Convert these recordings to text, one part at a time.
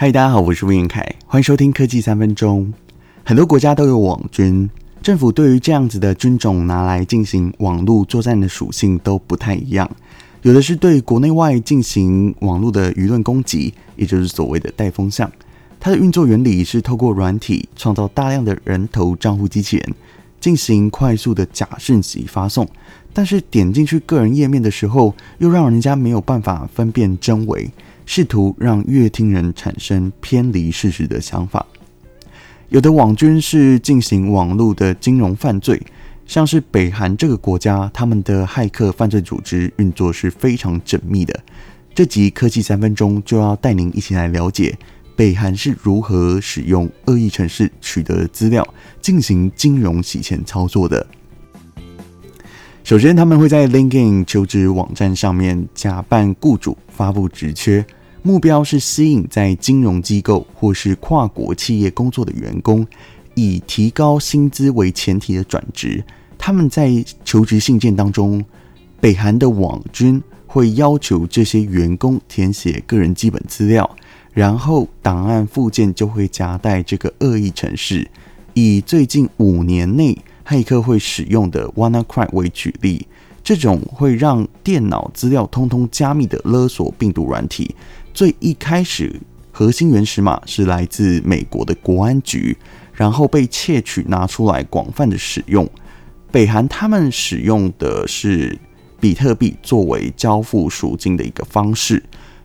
嗨，大家好，我是吳雲凱，歡迎收聽科技三分鐘。很多國家都有網軍，政府對於這樣子的軍種拿來進行網絡作戰的屬性都不太一樣，有的是對國內外進行網絡的輿論攻擊，也就是所謂的帶風向。它的運作原理是透過軟體創造大量的人頭賬戶機器人，進行快速的假訊息發送，但是點進去個人頁面的時候，又讓人家沒有辦法分辨真偽。試圖讓閱聽人產生偏離事實的想法。有的網軍是進行網路的金融犯罪，像是北韓這個國家，他們的駭客犯罪組織運作是非常縝密的。這集科技三分鐘就要帶您一起來了解北韓是如何使用惡意程式取得資料，進行金融洗錢操作的。首先，他們會在 LinkedIn 求職網站上面假扮雇主發布職缺。目標是吸引在金融機構或是跨國企業工作的員工，以提高薪資為前提的轉職。他們在求職信件當中，北韓的網軍會要求這些員工填寫個人基本資料，然後檔案附件就會夾帶這個惡意程式。以最近五年內駭客會使用的 WannaCry 為舉例，這種會讓電腦資料通通加密的勒索病毒軟體。最一開始，核心原始碼是來自美國的國安局，然後被竊取拿出來廣泛的使用。北韓他們使用的，是比特幣作為交付贖金的一個方式。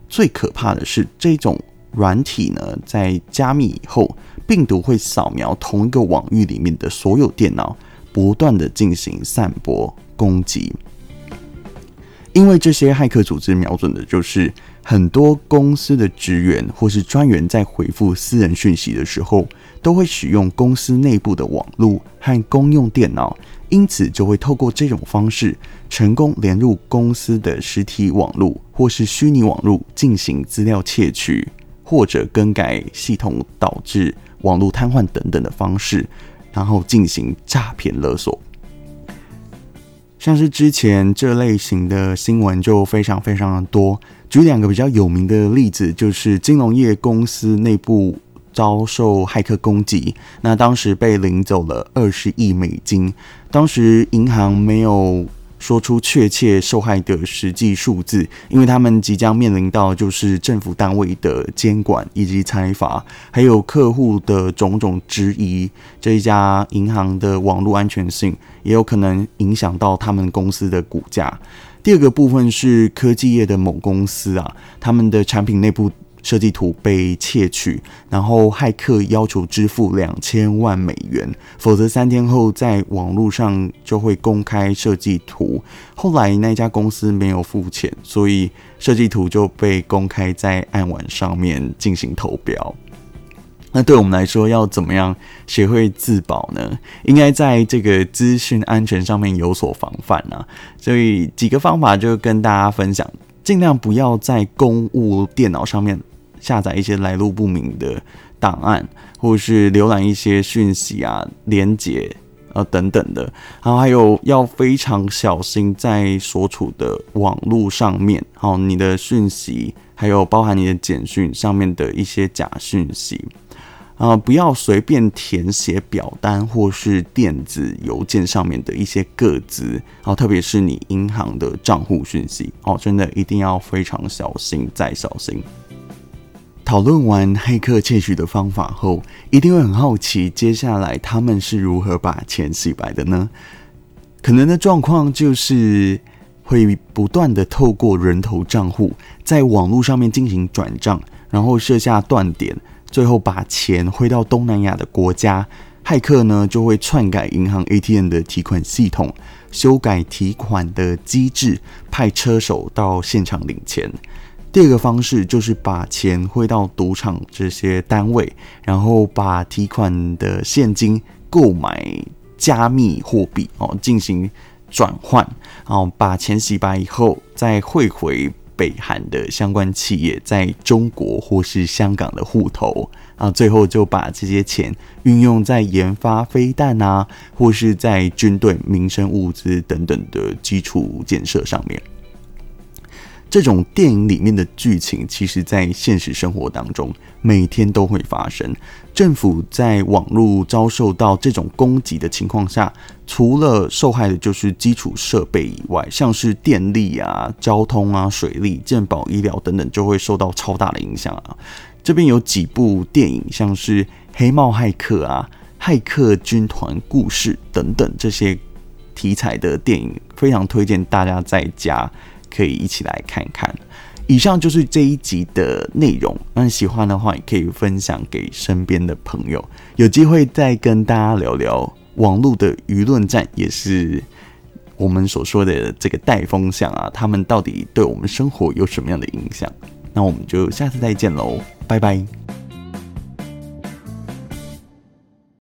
最可怕的是，這種軟體呢，在加密以後，病毒會掃描同一個網域裡面的所有電腦，不斷地進行散播攻擊。因為這些駭客組織瞄準的就是很多公司的職員或是專員在回復私人訊息的時候，都會使用公司內部的網絡和公用電腦，因此就會透過這種方式成功連入公司的實體網絡或是虛擬網絡，進行資料竊取或者更改系統，導致網絡癱瘓等等的方式，然後進行詐騙勒索。像是之前這類型的新聞就非常非常的多，舉兩個比較有名的例子，就是金融業公司內部遭受駭客攻擊，那當時被領走了二十億美金，當時銀行沒有。說出確切受害的實際數字，因為他們即將面臨到就是政府單位的監管以及裁罰，還有客戶的種種質疑。這一家銀行的網絡安全性也有可能影響到他們公司的股價。第二個部分是科技業的某公司啊，他們的產品內部。設計圖被竊取，然後駭客要求支付兩千萬美元，否則三天後在網絡上就會公開設計圖。後來那家公司沒有付錢，所以設計圖就被公開在暗網上面進行投標。那對我們來說要怎麼樣學會自保呢？應該在這個資訊安全上面有所防範啊。所以幾個方法就是跟大家分享，盡量不要在公務電腦上面。下載一些來路不明的檔案，或是瀏覽一些訊息啊、連結啊、呃、等等的。然後還有要非常小心，在所處的網絡上面，哦、你的訊息，還有包含你的簡訊上面的一些假訊息啊，不要隨便填寫表單或是電子郵件上面的一些個資。然後、哦、特別是你銀行的賬戶訊息，哦，真的一定要非常小心再小心。討論完駭客竊取的方法後，一定會很好奇，接下來他們是如何把錢洗白的呢？可能的狀況就是會不斷地透過人頭賬戶，在網絡上面進行轉賬，然後設下斷點，最後把錢匯到東南亞的國家。駭客呢就會篡改銀行 ATM 的提款系統，修改提款的機制，派車手到現場領錢。第二個方式就是把錢匯到賭場這些單位，然後把提款的現金購買加密貨幣哦，進行轉換哦，把錢洗白以後再匯回，回北韓的相關企業，在中國或是香港的戶頭啊，後最後就把這些錢運用在研發飛彈啊，或是在軍隊、民生物資等等的基礎建設上面。這種電影裡面的劇情，其實，在現實生活當中，每天都會發生。政府在網絡遭受到這種攻擊的情況下，除了受害的就是基礎設備以外，像是電力啊、交通啊、水利、健保、醫療等等，就會受到超大的影響啊。這邊有幾部電影，像是《黑帽駭客》啊、《駭客軍團故事》等等這些題材的電影，非常推薦大家在家。可以一起來看看，以上就是這一集的內容。那喜歡的話也可以分享給身邊的朋友。有機會再跟大家聊聊網絡的輿論戰，也是我們所說的這個帶風向啊，他們到底對我們生活有什麼樣的影響？那我們就下次再見嘍，拜拜。